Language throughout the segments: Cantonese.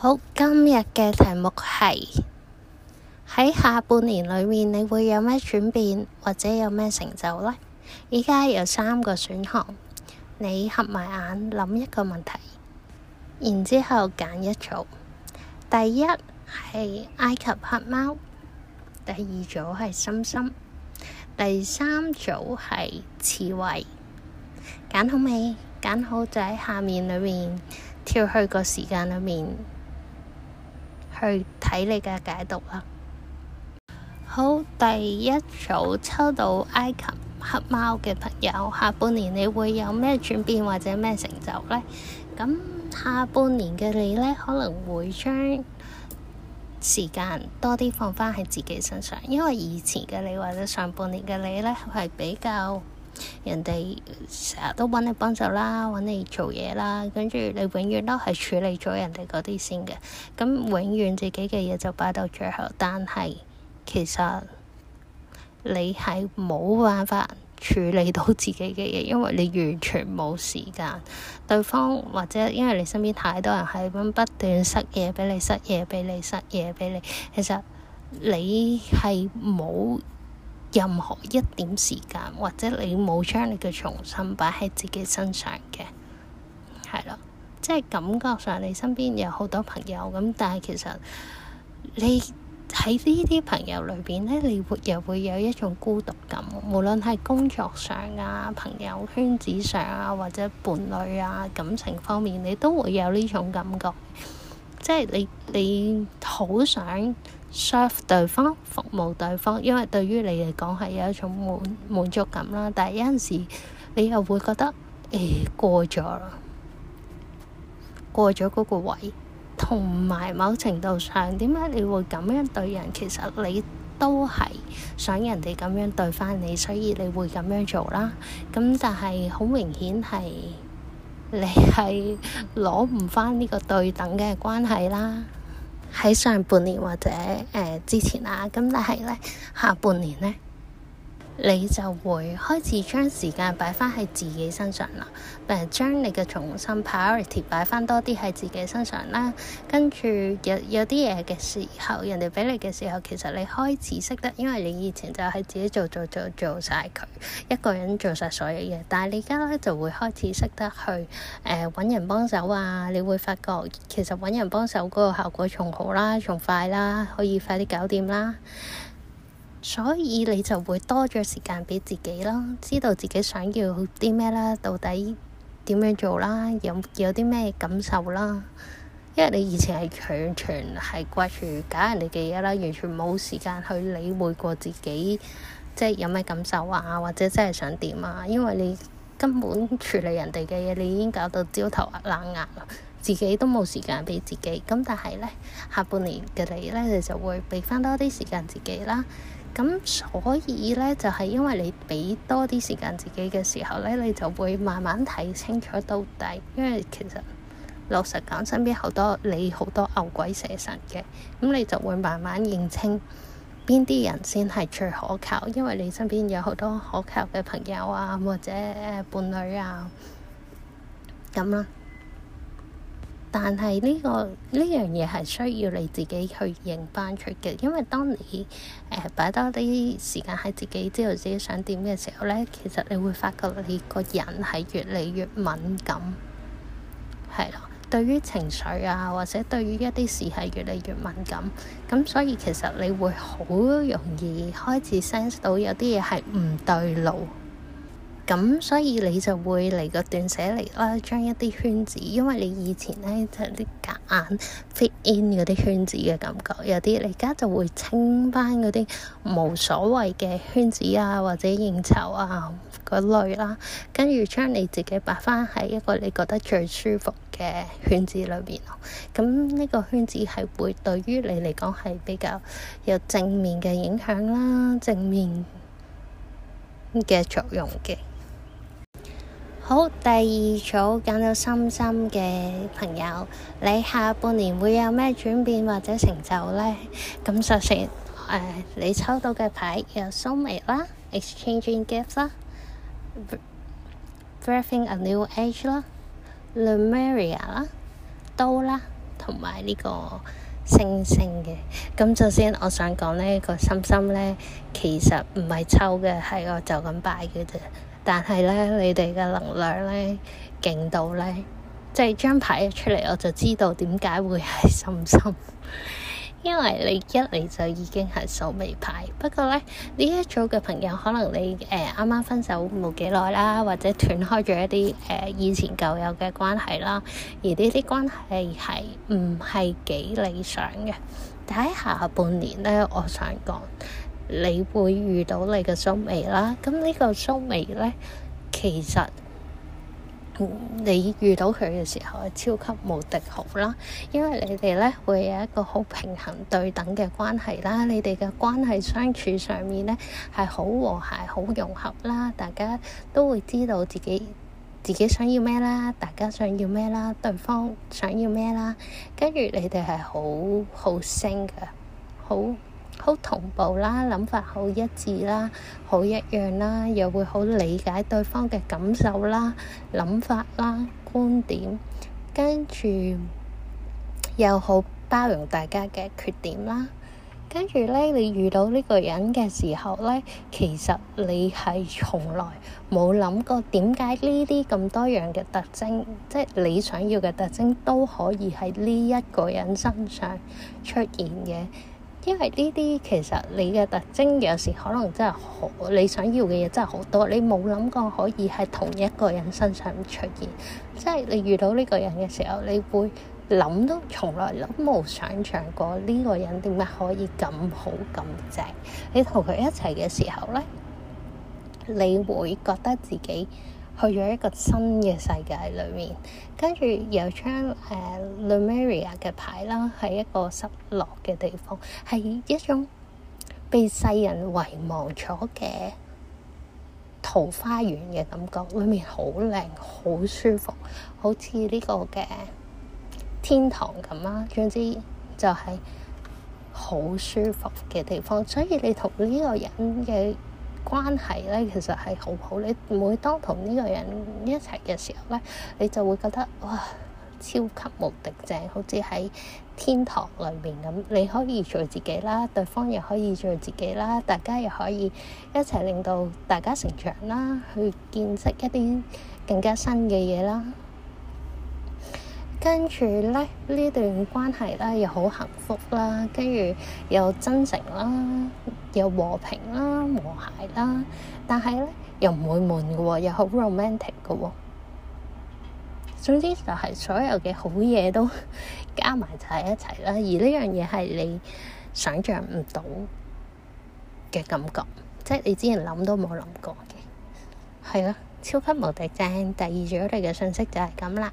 好，今日嘅題目係喺下半年裏面，你會有咩轉變或者有咩成就呢？而家有三個選項，你合埋眼諗一個問題，然之後揀一組。第一係埃及黑貓，第二組係深深，第三組係刺猬。揀好未？揀好就喺下面裏面跳去個時間裏面。去睇你嘅解讀啦。好，第一組抽到埃及黑貓嘅朋友，下半年你會有咩轉變或者咩成就呢？咁下半年嘅你呢，可能會將時間多啲放翻喺自己身上，因為以前嘅你或者上半年嘅你呢，係比較。人哋成日都揾你幫手啦，揾你做嘢啦，跟住你永遠都係處理咗人哋嗰啲先嘅，咁永遠自己嘅嘢就擺到最後。但係其實你係冇辦法處理到自己嘅嘢，因為你完全冇時間。對方或者因為你身邊太多人係咁不斷塞嘢畀你，塞嘢畀你，塞嘢畀你，你，其實你係冇任何一點時間，或者你冇將你嘅重心擺喺自己身上嘅，係咯，即係感覺上你身邊有好多朋友咁，但係其實你喺呢啲朋友裏邊咧，你會又會有一種孤獨感，無論係工作上啊、朋友圈子上啊，或者伴侶啊、感情方面，你都會有呢種感覺，即係你你好想。Serve 對方，服務對方，因為對於你嚟講係有一種滿滿足感啦。但係有陣時，你又會覺得誒過咗啦，過咗嗰個位。同埋某程度上，點解你會咁樣對人？其實你都係想人哋咁樣對返你，所以你會咁樣做啦。咁但係好明顯係你係攞唔返呢個對等嘅關係啦。喺上半年或者誒、呃、之前啦、啊，咁但係咧下半年咧。你就會開始將時間擺翻喺自己身上啦，誒將你嘅重心 priority 擺翻多啲喺自己身上啦。跟住有有啲嘢嘅時候，人哋畀你嘅時候，其實你開始識得，因為你以前就係自己做做做做晒佢，一個人做晒所有嘢。但係你而家咧就會開始識得去誒揾人幫手啊！你會發覺其實揾人幫手嗰個效果仲好啦，仲快啦，可以快啲搞掂啦。所以你就會多咗時間畀自己啦，知道自己想要啲咩啦，到底點樣做啦，有有啲咩感受啦。因為你以前係長長係掛住搞人哋嘅嘢啦，完全冇時間去理會過自己，即係有咩感受啊，或者真係想點啊。因為你根本處理人哋嘅嘢，你已經搞到焦頭爛額，自己都冇時間畀自己。咁但係咧，下半年嘅你咧，你就會畀翻多啲時間自己啦。咁所以咧，就係因為你畀多啲時間自己嘅時候咧，你就會慢慢睇清楚到底。因為其實老實講，身邊好多你好多牛鬼蛇神嘅，咁你就會慢慢認清邊啲人先係最可靠。因為你身邊有好多可靠嘅朋友啊，或者誒伴侶啊，咁啦。但係呢個呢樣嘢係需要你自己去認翻出嘅，因為當你誒擺、呃、多啲時間喺自己知道自己想點嘅時候咧，其實你會發覺你個人係越嚟越敏感，係咯，對於情緒啊或者對於一啲事係越嚟越敏感，咁所以其實你會好容易開始 sense 到有啲嘢係唔對路。咁所以你就會嚟個斷捨離啦，將一啲圈子，因為你以前咧就係啲夾硬 fit in 嗰啲圈子嘅感覺，有啲你而家就會清翻嗰啲無所謂嘅圈子啊，或者應酬啊嗰類啦、啊，跟住將你自己擺翻喺一個你覺得最舒服嘅圈子裏邊咯。咁呢個圈子係會對於你嚟講係比較有正面嘅影響啦，正面嘅作用嘅。好，第二組揀到心心嘅朋友，你下半年會有咩轉變或者成就咧？咁首先，誒、呃、你抽到嘅牌有蘇眉啦、Exchanging Gifts 啦、Braving a New Age 啦、Lumeria 啦、刀啦，同埋呢個星星嘅。咁首先，我想講呢、呢個心心咧，其實唔係抽嘅，係我就咁擺嘅啫。但係咧，你哋嘅能量咧，勁到咧，即係張牌一出嚟，我就知道點解會係深深， 因為你一嚟就已經係首尾牌。不過咧，呢一組嘅朋友，可能你誒啱啱分手冇幾耐啦，或者斷開咗一啲誒、呃、以前舊友嘅關係啦，而呢啲關係係唔係幾理想嘅？但喺下半年咧，我想講。你會遇到你嘅 soulmate 啦，咁呢個 soulmate 呢，其實、嗯、你遇到佢嘅時候係超級無敵好啦，因為你哋呢會有一個好平衡對等嘅關係啦，你哋嘅關係相處上面呢係好和諧、好融合啦，大家都會知道自己自己想要咩啦，大家想要咩啦，對方想要咩啦，跟住你哋係好好升嘅，好。好同步啦，諗法好一致啦，好一樣啦，又會好理解對方嘅感受啦、諗法啦、觀點，跟住又好包容大家嘅缺點啦。跟住咧，你遇到呢個人嘅時候咧，其實你係從來冇諗過點解呢啲咁多樣嘅特徵，即係你想要嘅特徵都可以喺呢一個人身上出現嘅。因為呢啲其實你嘅特徵，有時可能真係好你想要嘅嘢真係好多，你冇諗過可以喺同一個人身上出現。即係你遇到呢個人嘅時候，你會諗都從來都冇想象過呢個人點解可以咁好咁正？你同佢一齊嘅時候咧，你會覺得自己，去咗一個新嘅世界裏面，跟住又張誒 Lumeria 嘅牌啦，係一個失落嘅地方，係一種被世人遺忘咗嘅桃花源嘅感覺，裏面好靚、好舒服，好似呢個嘅天堂咁啦。總之就係好舒服嘅地方，所以你同呢個人嘅。關係咧，其實係好好，你每當同呢個人一齊嘅時候咧，你就會覺得哇，超級無敵正，好似喺天堂裏面咁。你可以做自己啦，對方又可以做自己啦，大家又可以一齊令到大家成長啦，去見識一啲更加新嘅嘢啦。跟住咧，呢段關係咧又好幸福啦，跟住又真誠啦。又和平啦、和諧啦，但係咧又唔會悶嘅喎、哦，又好 romantic 嘅喎、哦。總之就係所有嘅好嘢都 加埋就係一齊啦，而呢樣嘢係你想象唔到嘅感覺，即係你之前諗都冇諗過嘅。係啊，超級無敵正。第二組嚟嘅信息就係咁啦。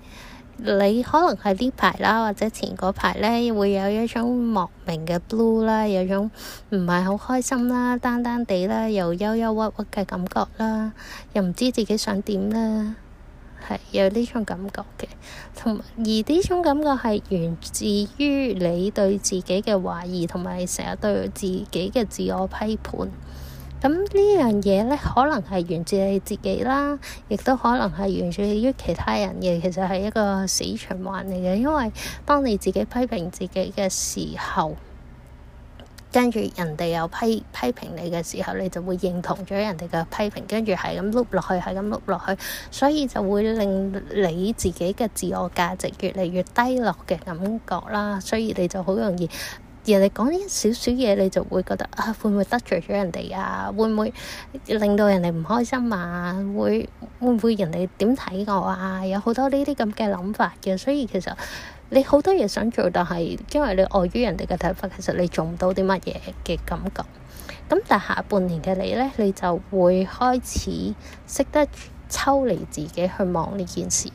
你可能喺呢排啦，或者前嗰排咧，會有一種莫名嘅 blue 啦，有種唔係好開心啦，單單地啦，又憂憂鬱鬱嘅感覺啦，又唔知自己想點啦，係有呢種感覺嘅。同而呢種感覺係源自於你對自己嘅懷疑，同埋你成日對自己嘅自我批判。咁呢樣嘢咧，可能係源自你自己啦，亦都可能係源自於其他人嘅，其實係一個死循環嚟嘅。因為當你自己批評自己嘅時候，跟住人哋又批批評你嘅時候，你就會認同咗人哋嘅批評，跟住係咁碌落去，係咁碌落去，所以就會令你自己嘅自我價值越嚟越低落嘅感覺啦。所以你就好容易，人哋講呢少少嘢，你就會覺得啊，會唔會得罪咗人哋啊？會唔會令到人哋唔開心啊？會會唔會人哋點睇我啊？有好多呢啲咁嘅諗法嘅，所以其實你好多嘢想做，但係因為你礙、呃、於人哋嘅睇法，其實你做唔到啲乜嘢嘅感覺。咁但係下半年嘅你咧，你就會開始識得抽離自己去望呢件事。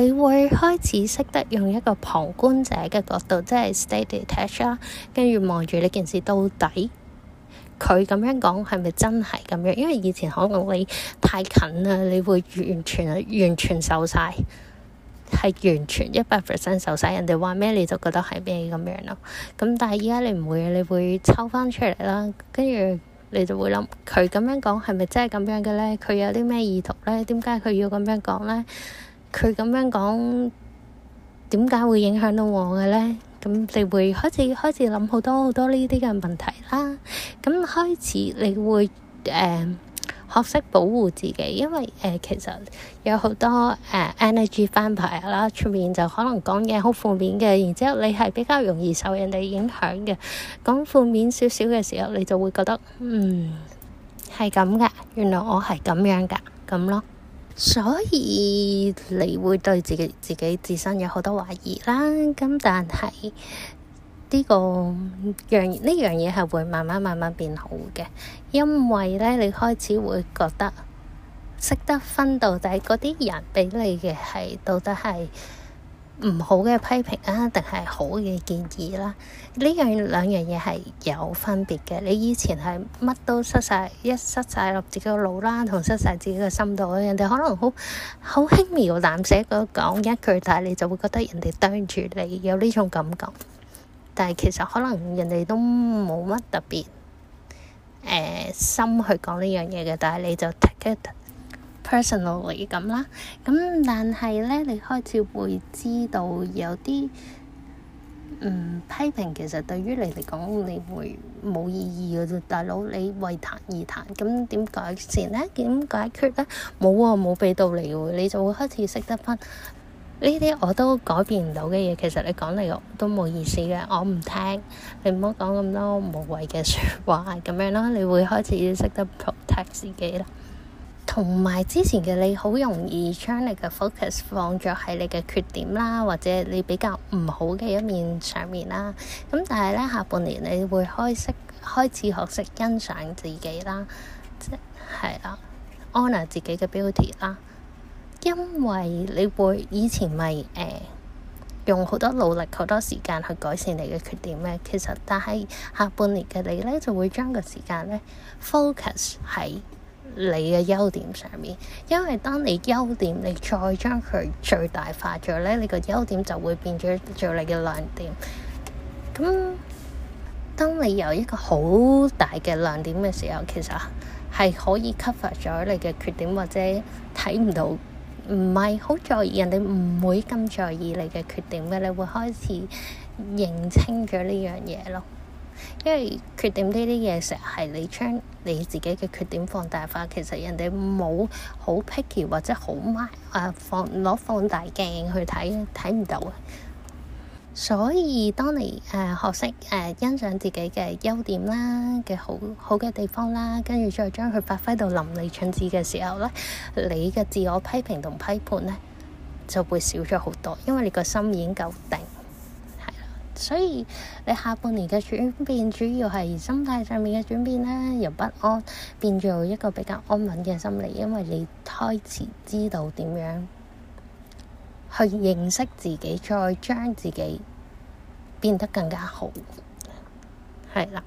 你會開始識得用一個旁觀者嘅角度，即係 stay detached 啦，跟住望住呢件事到底佢咁樣講係咪真係咁樣？因為以前可能你太近啦，你會完全完全受晒，係完全一百 percent 受晒。人哋話咩你就覺得係咩咁樣咯。咁但係依家你唔會，你會抽翻出嚟啦，跟住你就會諗佢咁樣講係咪真係咁樣嘅咧？佢有啲咩意圖咧？點解佢要咁樣講咧？佢咁樣講，點解會影響到我嘅咧？咁你會開始開始諗好多好多呢啲嘅問題啦。咁開始你會誒、呃、學識保護自己，因為誒、呃、其實有好多誒、呃、energy vampire 啦，出面就可能講嘢好負面嘅，然之後你係比較容易受人哋影響嘅。講負面少少嘅時候，你就會覺得嗯係咁㗎，原來我係咁樣噶咁咯。所以你會對自己自己自身有好多懷疑啦，咁但係呢個樣呢樣嘢係會慢慢慢慢變好嘅，因為呢你開始會覺得識得分到底嗰啲人畀你嘅係到底係。唔好嘅批評啊，定係好嘅建議啦，啊？呢樣兩樣嘢係有分別嘅。你以前係乜都失晒，一失晒落自己個腦啦，同失晒自己個心度。人哋可能好好輕描淡寫咁講一句，但係你就會覺得人哋對住你有呢種感覺。但係其實可能人哋都冇乜特別誒、呃、心去講呢樣嘢嘅，但係你就 personally 咁啦，咁但係咧，你開始會知道有啲嗯批評其實對於你嚟講，你會冇意義嘅啫。大佬，你為談而談，咁點改善咧？點解決咧？冇啊，冇俾道理，你就會開始識得分呢啲我都改變唔到嘅嘢。其實你講嚟都冇意思嘅，我唔聽。你唔好講咁多無謂嘅説話咁樣咯。你會開始識得 protect 自己啦。同埋之前嘅你好容易將你嘅 focus 放咗喺你嘅缺點啦，或者你比較唔好嘅一面上面啦。咁但係咧，下半年你會開始開始學識欣賞自己啦，即係啦、啊、honor 自己嘅 beauty 啦。因為你會以前咪誒、呃、用好多努力好多時間去改善你嘅缺點咧，其實但係下半年嘅你咧就會將個時間咧 focus 喺你嘅優點上面，因為當你優點，你再將佢最大化咗咧，你個優點就會變咗做你嘅亮點。咁，當你有一個好大嘅亮點嘅時候，其實係可以吸發咗你嘅缺點，或者睇唔到，唔係好在意，人哋唔會咁在意你嘅缺點嘅，你會開始認清咗呢樣嘢咯。因為決定呢啲嘢，成日係你將你自己嘅缺點放大化，其實人哋冇好 picky 或者好埋啊，放攞放大鏡去睇睇唔到啊。所以當你誒、呃、學識誒、呃、欣賞自己嘅優點啦，嘅好好嘅地方啦，跟住再將佢發揮到淋漓盡致嘅時候咧，你嘅自我批評同批判咧就會少咗好多，因為你個心已經夠定。所以你下半年嘅轉變主要係心態上面嘅轉變啦，由不安變做一個比較安穩嘅心理，因為你開始知道點樣去認識自己，再將自己變得更加好，係啦。